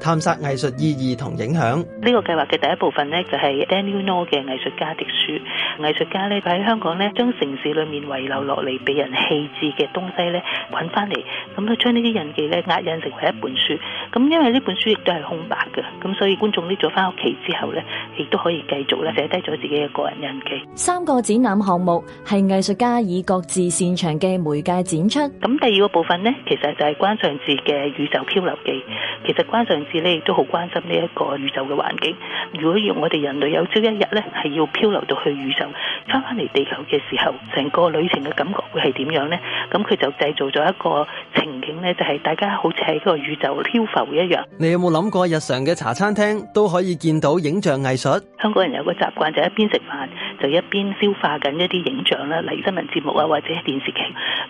探索藝術意義同影響呢個計劃嘅第一部分呢，就係 Daniel No 嘅藝術家的書。藝術家咧喺香港咧，將城市裏面遺留落嚟畀人棄置嘅東西咧，揾翻嚟，咁就將呢啲印記咧壓印成為一本書。咁因為呢本書亦都係空白嘅，咁所以觀眾拎咗翻屋企之後呢，亦都可以繼續咧寫低咗自己嘅個人印記。三個展覽項目係藝術家以各自擅長嘅媒介展出。咁第二個部分呢，其實就係關尚志嘅《宇宙漂流記》。其實關尚亦都好關心呢一個宇宙嘅環境。如果要我哋人類有朝一日咧，係要漂流到去宇宙，翻返嚟地球嘅時候，成個旅程嘅感覺會係點樣呢？咁佢就製造咗一個情景呢就係大家好似喺個宇宙漂浮一樣。你有冇諗過日常嘅茶餐廳都可以見到影像藝術？香港人有個習慣就係一邊食飯就一邊消化緊一啲影像啦，例如新聞節目啊，或者電視劇。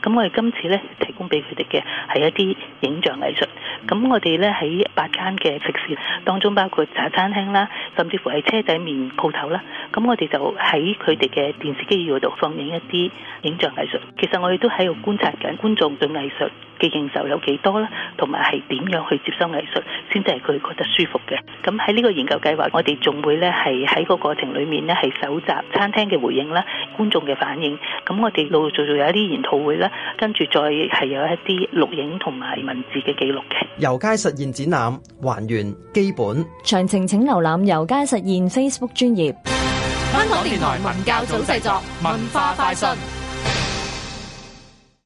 咁我哋今次呢。供俾佢哋嘅係一啲影像藝術，咁我哋呢喺八間嘅食肆當中，包括茶餐廳啦，甚至乎係車仔麵鋪頭啦，咁我哋就喺佢哋嘅電視機器度放映一啲影像藝術。其實我哋都喺度觀察緊觀眾對藝術。嘅認受有幾多咧？同埋係點樣去接收藝術先至係佢覺得舒服嘅？咁喺呢個研究計劃，我哋仲會咧係喺個過程裡面咧係蒐集餐廳嘅回應啦、觀眾嘅反應。咁我哋陸陸續續有一啲研討會啦，跟住再係有一啲錄影同埋文字嘅記錄嘅。遊街實驗展覽還原基本詳情，請瀏覽遊街實驗 Facebook 專頁。香港電台文教組製作文化快訊。